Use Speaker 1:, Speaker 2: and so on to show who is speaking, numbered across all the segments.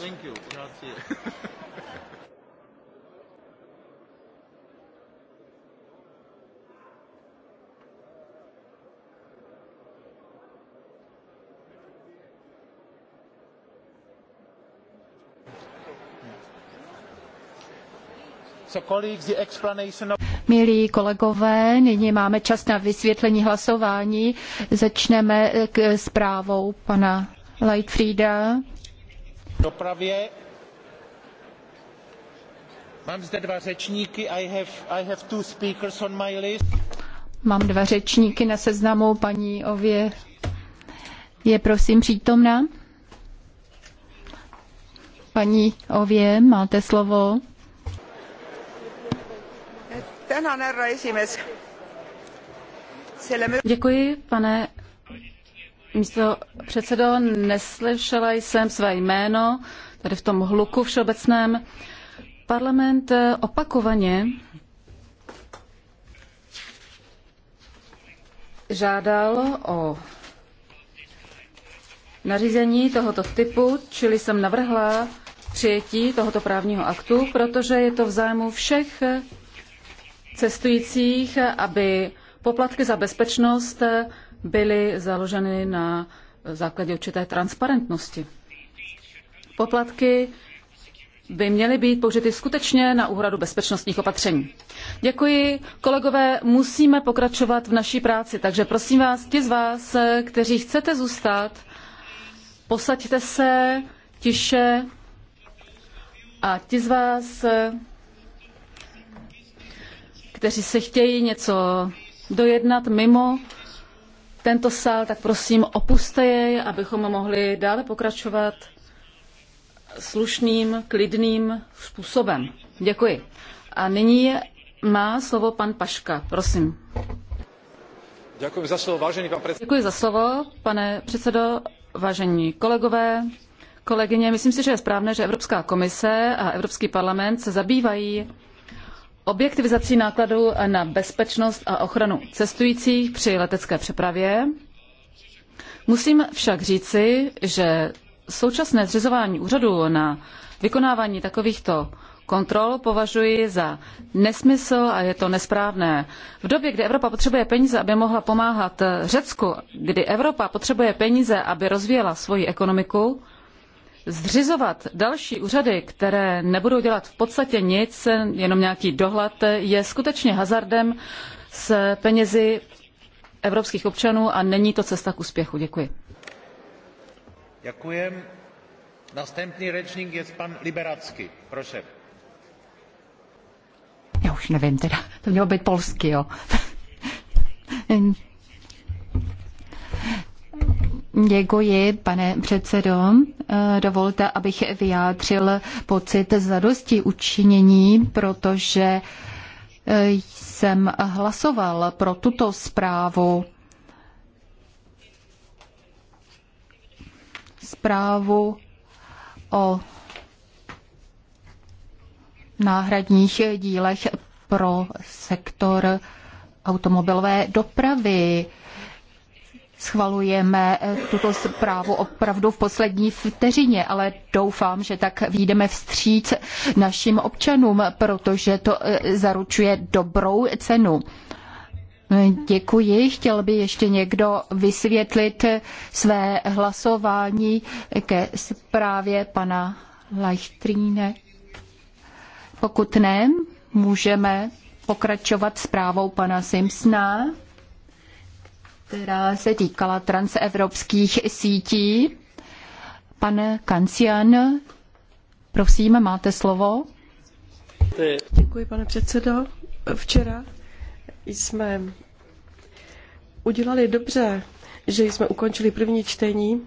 Speaker 1: Thank you. Grazie.
Speaker 2: Milí kolegové, nyní máme čas na vysvětlení hlasování. Začneme eh, k zprávou pana Lightfrieda
Speaker 3: dopravě. Mám zde dva řečníky. I have, I have two speakers on my list.
Speaker 2: Mám dva řečníky na seznamu. Paní Ově je prosím přítomná. Paní Ově, máte slovo. Tenhle Děkuji, pane
Speaker 1: místo předsedo, neslyšela jsem své jméno tady v tom hluku všeobecném. Parlament eh, opakovaně žádal o nařízení tohoto typu, čili jsem navrhla přijetí tohoto právního aktu, protože je to v zájmu všech cestujících, aby poplatky za bezpečnost byly založeny na základě určité transparentnosti. Poplatky by měly být použity skutečně na úhradu bezpečnostních opatření. Děkuji. Kolegové, musíme pokračovat v naší práci, takže prosím vás, ti z vás, kteří chcete zůstat, posaďte se tiše a ti z vás, kteří se chtějí něco dojednat mimo tento sál, tak prosím opuste jej, abychom mohli dále pokračovat slušným, klidným způsobem. Děkuji. A nyní má slovo pan Paška. Prosím.
Speaker 3: Děkuji za slovo, vážený pan předsedo. Děkuji
Speaker 1: za slovo, pane předsedo, vážení kolegové, kolegyně. Myslím si, že je správné, že Evropská komise a Evropský parlament se zabývají objektivizací nákladů na bezpečnost a ochranu cestujících při letecké přepravě. Musím však říci, že současné zřizování úřadu na vykonávání takovýchto kontrol považuji za nesmysl a je to nesprávné. V době, kdy Evropa potřebuje peníze, aby mohla pomáhat Řecku, kdy Evropa potřebuje peníze, aby rozvíjela svoji ekonomiku, Zřizovat další úřady, které nebudou dělat v podstatě nic, jenom nějaký dohled, je skutečně hazardem s penězi evropských občanů a není to cesta k úspěchu.
Speaker 2: Děkuji.
Speaker 3: Děkuji. Następný řečník je pan Liberacký. Prosím.
Speaker 2: Já už nevím teda, to mělo být polský, jo. Děkuji, pane předsedo. Eh, dovolte, abych vyjádřil pocit zadosti učinění, protože eh, jsem hlasoval pro tuto zprávu. Zprávu o náhradních dílech pro sektor automobilové dopravy schvalujeme eh, tuto zprávu opravdu v poslední vteřině, ale doufám, že tak výjdeme vstříc našim občanům, protože to eh, zaručuje dobrou cenu. Děkuji. Chtěl by ještě někdo vysvětlit eh, své hlasování ke zprávě pana Leichtríne? Pokud ne, můžeme pokračovat zprávou pana Simpsona která se týkala transevropských sítí. Pan Kancian,
Speaker 4: prosím, máte slovo. Děkuji, pane předsedo. Včera jsme udělali dobře, že jsme ukončili první čtení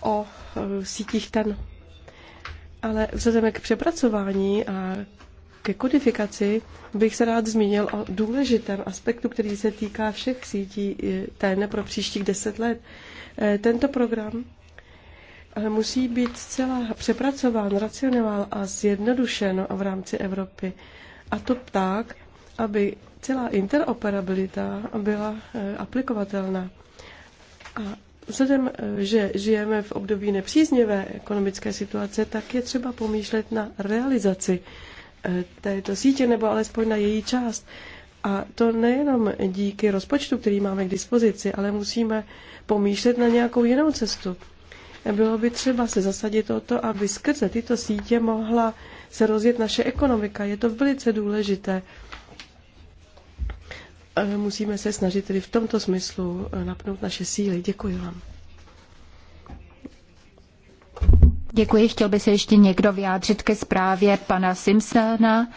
Speaker 4: o sítích TEN. Ale vzhledem k přepracování a ke kodifikaci bych se rád zmínil o důležitém aspektu, který se týká všech sítí TN pro příštích deset let. E, tento program e, musí být zcela přepracován, racionován a zjednodušen v rámci Evropy. A to tak, aby celá interoperabilita byla e, aplikovatelná. A vzhledem, že žijeme v období nepříznivé ekonomické situace, tak je třeba pomýšlet na realizaci Eh, této sítě, nebo alespoň na její část. A to nejenom díky rozpočtu, který máme k dispozici, ale musíme pomýšlet na nějakou jinou cestu. Bylo by třeba se zasadit o to, aby skrze tyto sítě mohla se rozjet naše ekonomika. Je to velice důležité. Eh, musíme se snažit tedy v tomto smyslu eh, napnout naše síly. Děkuji vám. Děkuji.
Speaker 2: Chtěl by se ještě někdo vyjádřit ke zprávě pana Simpsona?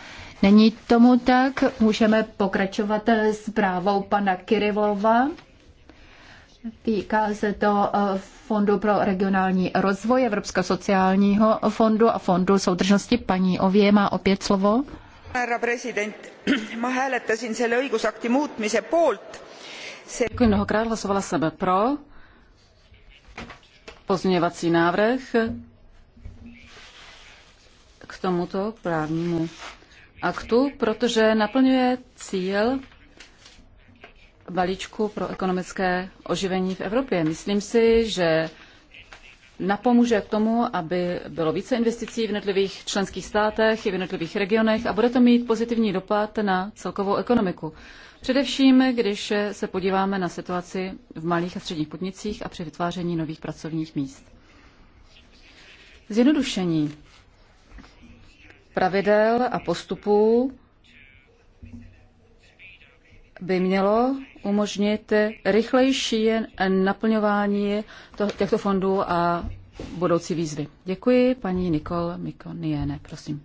Speaker 2: Není tomu tak. Můžeme pokračovat s eh, zprávou pana Kirilova. Týká se to eh, Fondu pro regionální rozvoj Evropského sociálního fondu a Fondu soudržnosti. Paní Ově má opět slovo. Härra president,
Speaker 1: ma hääletasin selle õigusakti muutmise poolt. See... Děkuji mnohokrát, hlasovala sebe pro. Pozměňovací návrh, k tomuto právnímu aktu, protože naplňuje cíl balíčku pro ekonomické oživení v Evropě. Myslím si, že napomůže k tomu, aby bylo více investicí v jednotlivých členských státech i v jednotlivých regionech a bude to mít pozitivní dopad na celkovou ekonomiku. Především, když se podíváme na situaci v malých a středních podnicích a při vytváření nových pracovních míst. Zjednodušení pravidel a postupů by mělo umožnit rychlejší naplňování těchto fondů a budoucí výzvy. Děkuji, paní Nikol Mikoniene, prosím.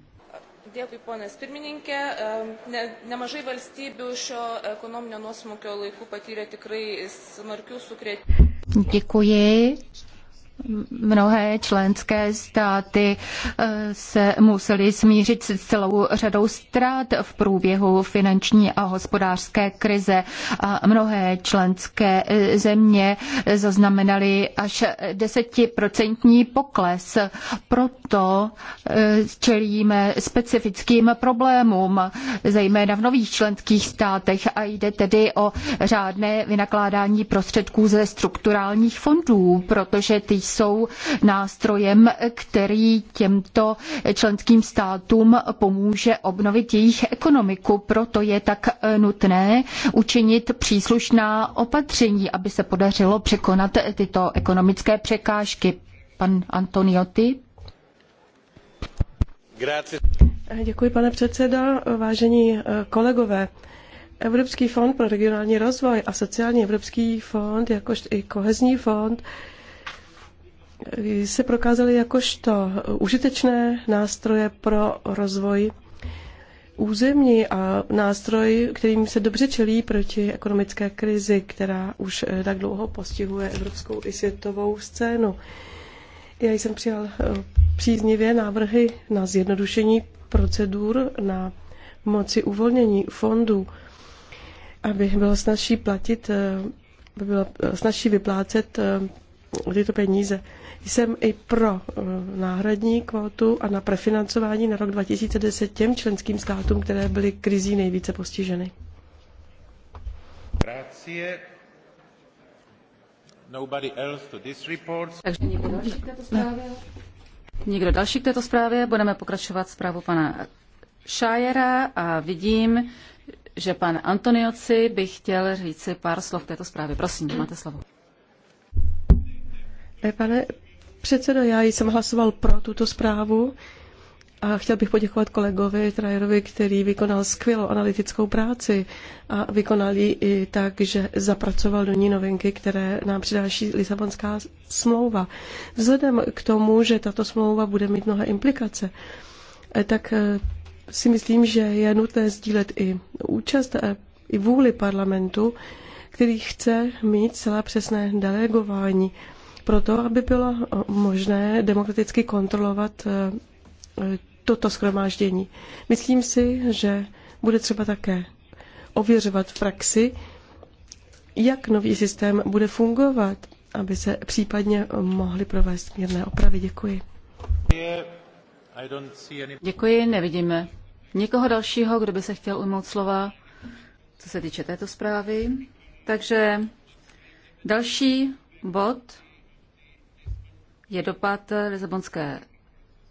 Speaker 1: Dėkui, ponės pirmininkė. Ne, nemažai valstybių šio ekonominio nuosmukio laikų patyrė tikrai smarkių
Speaker 2: sukrėtimų. Děkuji. Mnohé členské státy eh, se musely smířit s celou řadou ztrát v průběhu finanční a hospodářské krize a mnohé členské eh, země zaznamenaly až desetiprocentní pokles. Proto eh, čelíme specifickým problémům, zejména v nových členských státech a jde tedy o řádné vynakládání prostředků ze strukturálních fondů, protože ty jsou nástrojem, který těmto členským státům pomůže obnovit jejich ekonomiku. Proto je tak nutné učinit příslušná opatření, aby se podařilo překonat tyto ekonomické překážky. Pan Antoniotti.
Speaker 4: Děkuji, pane předsedo. Vážení eh, kolegové, Evropský fond pro regionální rozvoj a sociální Evropský fond, jakož i kohezní fond, se prokázaly jakožto užitečné nástroje pro rozvoj územní a nástroj, kterým se dobře čelí proti ekonomické krizi, která už eh, tak dlouho postihuje evropskou i světovou scénu. Já jsem přijal eh, příznivě návrhy na zjednodušení procedur na moci uvolnění fondů, aby bylo snažší platit, eh, aby bylo snažší vyplácet tyto peníze. Jsem i pro eh, náhradní kvotu a na prefinancování na rok 2010 těm členským státům, které byly krizí nejvíce postiženy.
Speaker 3: Grazie. Nobody else to this report. Takže někdo další k této zprávě?
Speaker 4: Někdo
Speaker 1: další k této zprávě? Budeme pokračovat zprávu pana Šájera a vidím, že pan Antonioci by chtěl říci pár slov k této zprávě. Prosím, máte slovo.
Speaker 4: Eh, pane předsedo, já jsem hlasoval pro tuto zprávu a chtěl bych poděkovat kolegovi Trajerovi, který vykonal skvělou analytickou práci a vykonal ji i tak, že zapracoval do ní novinky, které nám přináší Lisabonská smlouva. Vzhledem k tomu, že tato smlouva bude mít mnohé implikace, eh, tak eh, si myslím, že je nutné sdílet i účast, i vůli parlamentu, který chce mít celá přesné delegování proto aby bylo eh, možné demokraticky kontrolovat eh, toto schromáždění. Myslím si, že bude třeba také ověřovat v praxi, jak nový systém bude fungovat, aby se případně mohly provést mírné opravy. Děkuji.
Speaker 3: Děkuji,
Speaker 1: nevidíme nikoho dalšího, kdo by se chtěl ujmout slova, co se týče této zprávy. Takže další bod je dopad Lisabonské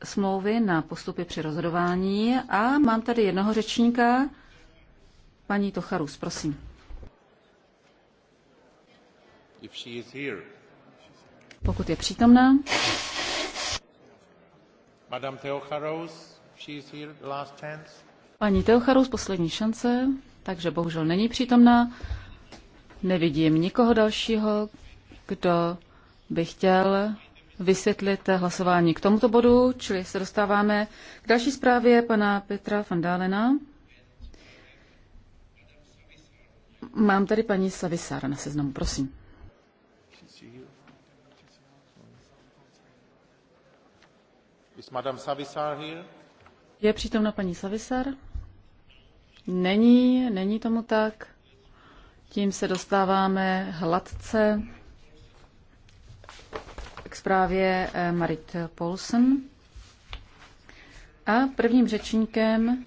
Speaker 1: smlouvy na postupy při rozhodování. A mám tady jednoho řečníka, paní Tocharus, prosím. Pokud je přítomná.
Speaker 3: Madame she is here, last chance.
Speaker 1: Paní Teocharus, poslední šance, takže bohužel není přítomná. Nevidím nikoho dalšího, kdo by chtěl vysvětlit hlasování k tomuto bodu, čili se dostáváme k další zprávě pana Petra van Dálena. Mám tady paní Savisára na seznamu, prosím. Je přítomna paní Savisar? Není, není tomu tak. Tím se dostáváme hladce k zprávě eh, Marit Polsen. A prvním řečníkem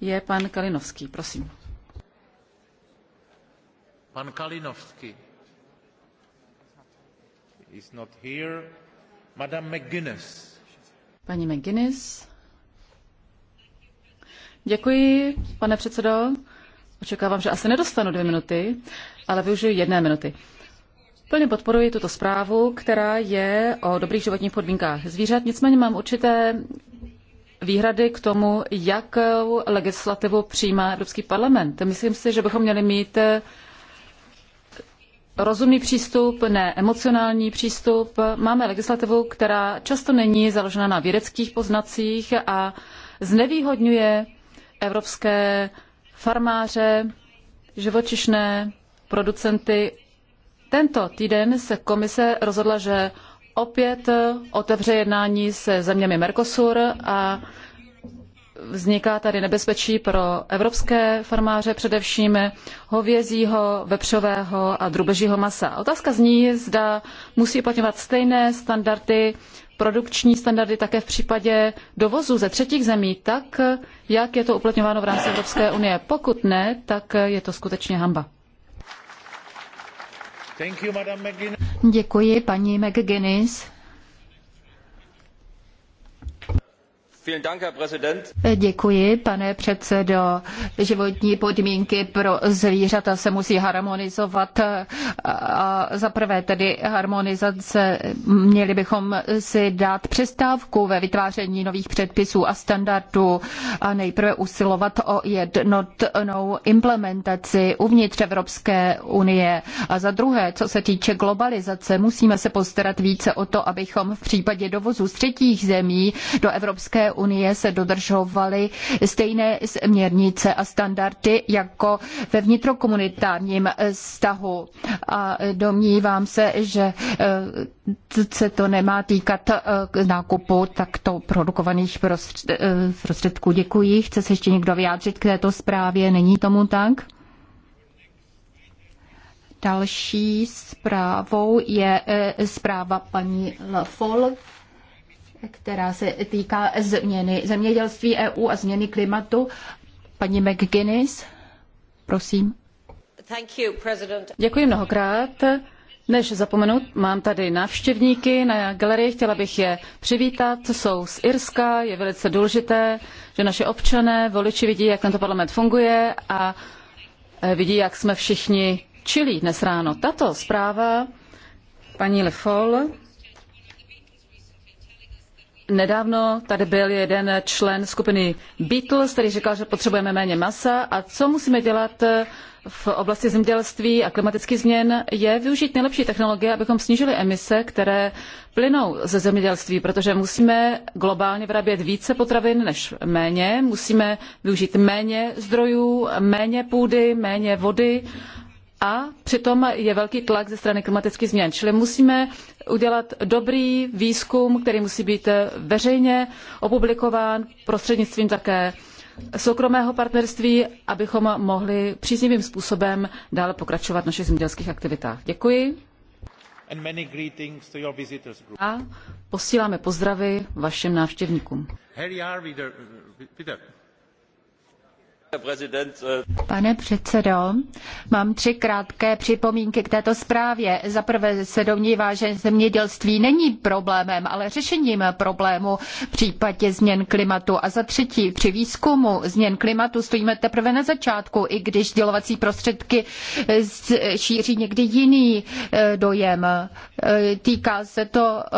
Speaker 1: je pan Kalinovský. Prosím.
Speaker 3: Pan Kalinovský. Is not here. Madame McGuinness.
Speaker 1: Paní McGuinness. Děkuji, pane předsedo. Očekávám, že asi nedostanu dvě minuty, ale využiju jedné minuty. Plně podporuji tuto zprávu, která je o dobrých životních podmínkách zvířat, nicméně mám určité výhrady k tomu, jakou legislativu přijímá Evropský parlament. Myslím si, že bychom měli mít rozumný přístup, ne emocionální přístup. Máme legislativu, která často není založena na vědeckých poznacích a znevýhodňuje evropské farmáře, živočišné producenty tento týden se komise rozhodla, že opět otevře jednání se zeměmi Mercosur a vzniká tady nebezpečí pro evropské farmáře, především hovězího, vepřového a drubežího masa. Otázka zní, zda musí uplatňovat stejné standardy, produkční standardy také v případě dovozu ze třetích zemí, tak jak je to uplatňováno v rámci
Speaker 2: Evropské unie. Pokud ne, tak je to skutečně hamba. Děkuji, paní McGuinness. Děkuji, pane předsedo. Životní podmínky pro zvířata se musí harmonizovat. A za prvé tedy harmonizace, měli bychom si dát přestávku ve vytváření nových předpisů a standardů a nejprve usilovat o jednotnou implementaci uvnitř Evropské unie. A za druhé, co se týče globalizace, musíme se postarat více o to, abychom v případě dovozu z třetích zemí do Evropské unie se dodržovaly stejné směrnice a standardy jako ve vnitrokomunitárním eh, vztahu. A eh, domnívám se, že eh, se to nemá týkat nákupu takto produkovaných prostředků. Děkuji. Chce se ještě někdo vyjádřit k této zprávě? Není tomu tak? Další zprávou je zpráva paní Lafol, která se týká změny zemědělství EU a změny klimatu. Paní McGuinness, prosím. Děkuji mnohokrát.
Speaker 1: Než zapomenu, mám tady návštěvníky na galerii, chtěla bych je přivítat, jsou z Irska, je velice důležité, že naše občané, voliči vidí, jak tento parlament funguje a eh, vidí, jak jsme všichni čilí dnes ráno. Tato zpráva paní Le Foll Nedávno tady byl jeden člen skupiny Beatles, který říkal, že potřebujeme méně masa a co musíme dělat v oblasti zemědělství a klimatických změn je využít nejlepší technologie, abychom snížili emise, které plynou ze zemědělství, protože musíme globálně vyrábět více potravin než méně, musíme využít méně zdrojů, méně půdy, méně vody a přitom je velký tlak ze strany klimatických změn. Čili musíme udělat dobrý výzkum, který musí být veřejně opublikován prostřednictvím také soukromého partnerství, abychom mohli příznivým způsobem dále pokračovat v našich zemědělských aktivitách. Děkuji. A posíláme pozdravy
Speaker 2: vašim návštěvníkům.
Speaker 3: Harry uh, Peter.
Speaker 2: Pane předsedo, mám tři krátké připomínky k této zprávě. Za prvé se domnívá, že zemědělství není problémem, ale řešením problému v případě změn klimatu. A za třetí, při výzkumu změn klimatu stojíme teprve na začátku, i když sdělovací prostředky šíří někdy jiný eh, dojem. Eh, týká se to eh,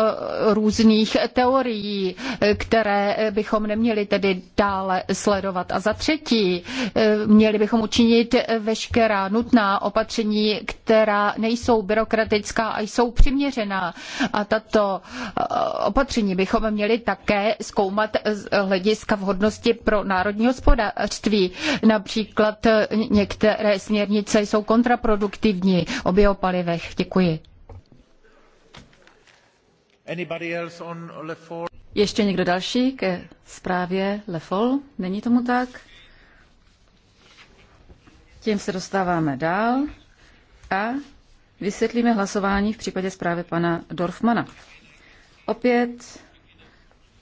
Speaker 2: různých teorií, které bychom neměli tedy dále sledovat. A za třetí, Eh, měli bychom učinit veškerá nutná opatření, která nejsou byrokratická a jsou přiměřená. A tato eh, opatření bychom měli také zkoumat z hlediska vhodnosti pro národní hospodářství. Například eh, některé směrnice jsou kontraproduktivní o biopalivech. Děkuji.
Speaker 1: Ještě někdo další ke zprávě Lefol? Není tomu tak? Tím se dostáváme dál a vysvětlíme hlasování v případě zprávy pana Dorfmana. Opět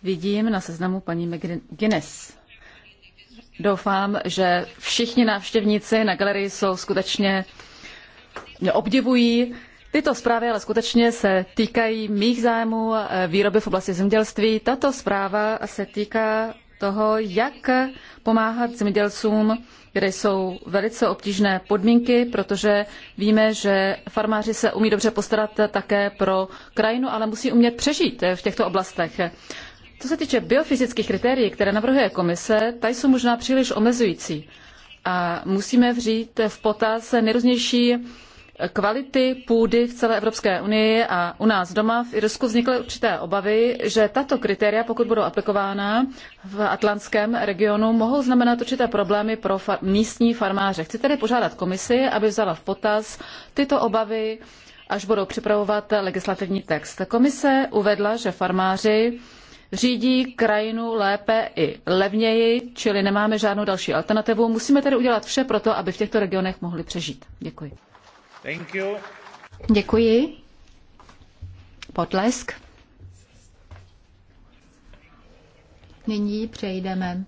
Speaker 1: vidím na seznamu paní McGuinness. Doufám, že všichni návštěvníci na galerii jsou skutečně mě obdivují. Tyto zprávy ale skutečně se týkají mých zájmů eh, výroby v oblasti zemědělství. Tato zpráva se týká toho, jak pomáhat zemědělcům kde jsou velice obtížné podmínky, protože víme, že farmáři se umí dobře postarat také pro krajinu, ale musí umět přežít v těchto oblastech. Co se týče biofyzických kritérií, které navrhuje komise, ta jsou možná příliš omezující. A musíme vřít v potaz nejrůznější kvality půdy v celé Evropské unii a u nás doma v Irsku vznikly určité obavy, že tato kritéria, pokud budou aplikována v atlantském regionu, mohou znamenat určité problémy pro far- místní farmáře. Chci tedy požádat komisi, aby vzala v potaz tyto obavy, až budou připravovat legislativní text. Komise uvedla, že farmáři řídí krajinu lépe i levněji, čili nemáme žádnou další alternativu. Musíme tedy udělat vše pro to, aby v těchto regionech mohli přežít. Děkuji.
Speaker 3: Thank you.
Speaker 2: Děkuji. Potlesk. Nyní přejdeme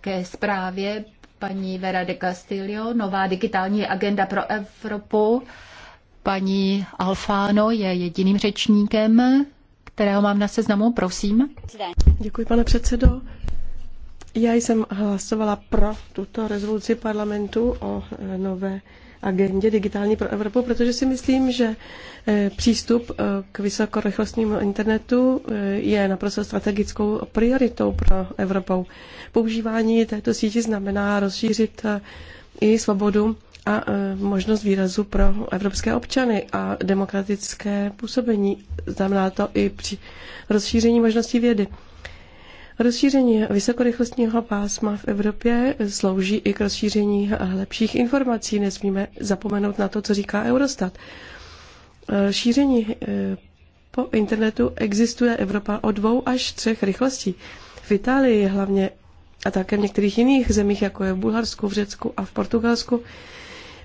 Speaker 2: ke zprávě paní Vera de Castillo, nová digitální agenda pro Evropu. Paní Alfano je jediným řečníkem, kterého mám na seznamu, prosím.
Speaker 4: Děkuji, pane předsedo. Já jsem hlasovala pro tuto rezoluci parlamentu o e, nové agendě digitální pro Evropu, protože si myslím, že eh, přístup eh, k vysokorychlostnímu internetu eh, je naprosto strategickou prioritou pro Evropou. Používání této síti znamená rozšířit i svobodu a možnost výrazu pro evropské občany a demokratické působení. Znamená to i při rozšíření možností vědy. Rozšíření vysokorychlostního pásma v Evropě slouží i k rozšíření lepších informací. Nesmíme zapomenout na to, co říká Eurostat. Šíření eh, po internetu existuje Evropa o dvou až třech rychlostí. V Itálii hlavně a také v některých jiných zemích, jako je v Bulharsku, v Řecku a v Portugalsku,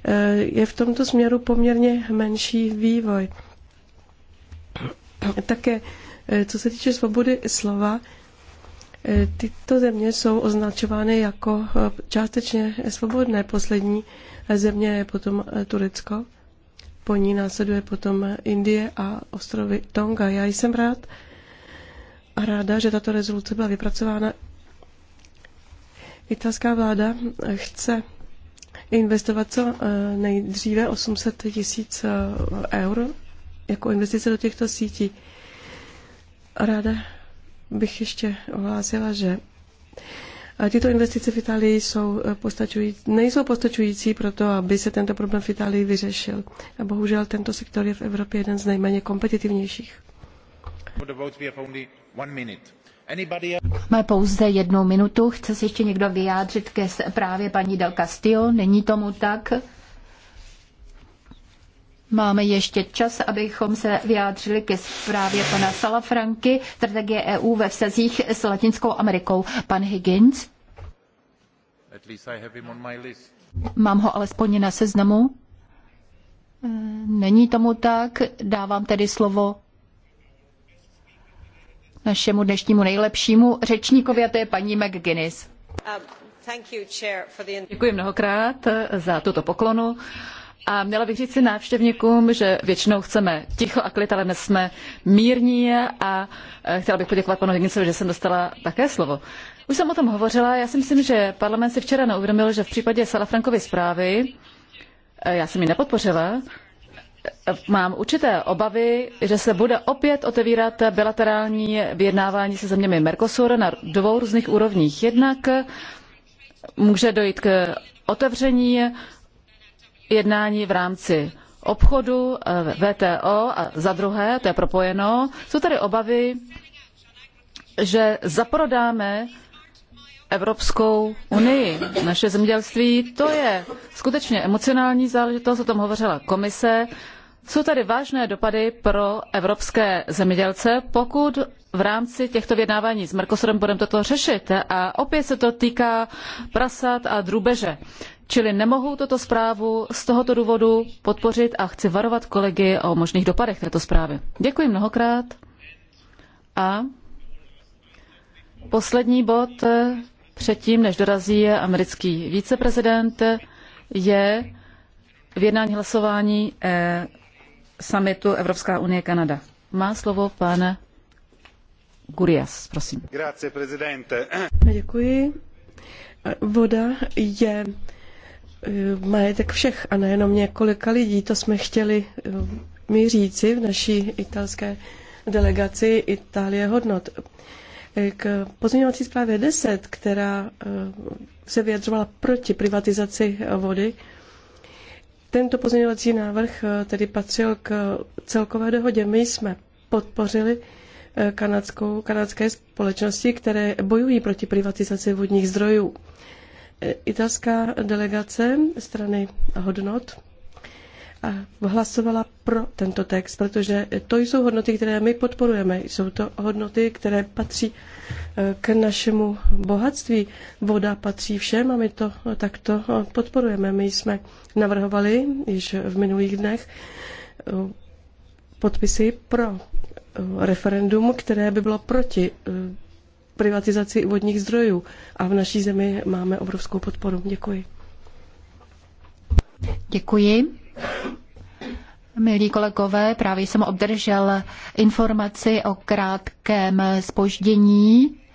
Speaker 4: eh, je v tomto směru poměrně menší vývoj. Také, eh, co se týče svobody slova, Eh, tyto země jsou označovány jako eh, částečně svobodné. Poslední eh, země je potom Turecko. Po ní následuje potom Indie a ostrovy Tonga. Já jsem rád a ráda, že tato rezoluce byla vypracována. Italská vláda chce investovat co nejdříve 800 tisíc eur jako investice do těchto sítí. Ráda bych ještě ohlásila, že tyto investice v Itálii jsou eh, postačující, nejsou postačující pro to, aby se tento problém v Itálii vyřešil. A bohužel tento sektor je v Evropě jeden z nejméně kompetitivnějších. Máme pouze jednu minutu. Chce se ještě někdo vyjádřit
Speaker 2: ke právě paní Del Castillo? Není tomu tak? Máme ještě čas, abychom se vyjádřili ke zprávě pana Salafranky, strategie EU ve vztazích s Latinskou Amerikou. Pan Higgins? Mám ho alespoň na seznamu. E, není tomu tak, dávám tedy slovo našemu dnešnímu nejlepšímu řečníkovi, a to je paní McGuinness.
Speaker 1: Um, Děkuji mnohokrát za tuto poklonu. A měla bych říct si návštěvníkům, že většinou chceme ticho a klid, ale dnes jsme mírní a e, chtěla bych poděkovat panu Hignicovi, že jsem dostala také slovo. Už jsem o tom hovořila, já si myslím, že parlament si včera neuvědomil, že v případě Salafrankovy zprávy, e, já jsem ji nepodpořila, e, mám určité obavy, že se bude opět otevírat bilaterální vyjednávání se zeměmi Mercosur na dvou různých úrovních. Jednak může dojít k otevření jednání v rámci obchodu eh, VTO a za druhé, to je propojeno, jsou tady obavy, že zaprodáme Evropskou unii. Naše zemědělství, to je skutečně emocionální záležitost, o tom hovořila komise. Jsou tady vážné dopady pro evropské zemědělce, pokud v rámci těchto vyjednávání s Mercosurem budeme toto řešit. A opět se to týká prasat a drůbeže. Čili nemohu toto zprávu z tohoto důvodu podpořit a chci varovat kolegy o možných dopadech této zprávy. Děkuji mnohokrát. A poslední bod eh, předtím, než dorazí americký viceprezident, je v jednání hlasování eh, summitu Evropská unie Kanada. Má slovo pan
Speaker 4: Gurias,
Speaker 3: prosím. Grazie,
Speaker 4: Děkuji. Voda je Eh, majetek všech a nejenom několika lidí. To jsme chtěli eh, my říci v naší italské delegaci Itálie hodnot. Eh, k pozměňovací zprávě 10, která se vyjadřovala proti privatizaci vody, tento pozměňovací návrh tedy patřil k celkové dohodě. My jsme podpořili kanadskou, kanadské společnosti, které bojují proti privatizaci vodních zdrojů italská delegace strany hodnot hlasovala pro tento text, protože to jsou hodnoty, které my podporujeme. Jsou to hodnoty, které patří eh, k našemu bohatství. Voda patří všem a my to takto eh, podporujeme. My jsme navrhovali již v minulých dnech eh, podpisy pro referendum, které by bylo proti privatizaci vodních zdrojů. A v naší zemi máme obrovskou podporu. Děkuji. Děkuji.
Speaker 2: Milí kolegové, právě jsem obdržel informaci o krátkém spoždění